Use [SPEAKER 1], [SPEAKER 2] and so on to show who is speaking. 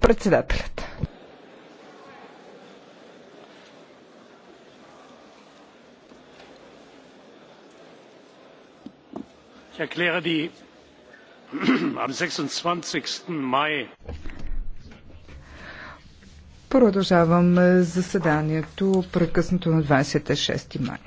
[SPEAKER 1] Председателят.
[SPEAKER 2] Продължавам
[SPEAKER 3] е, заседанието прекъснато на 26 май.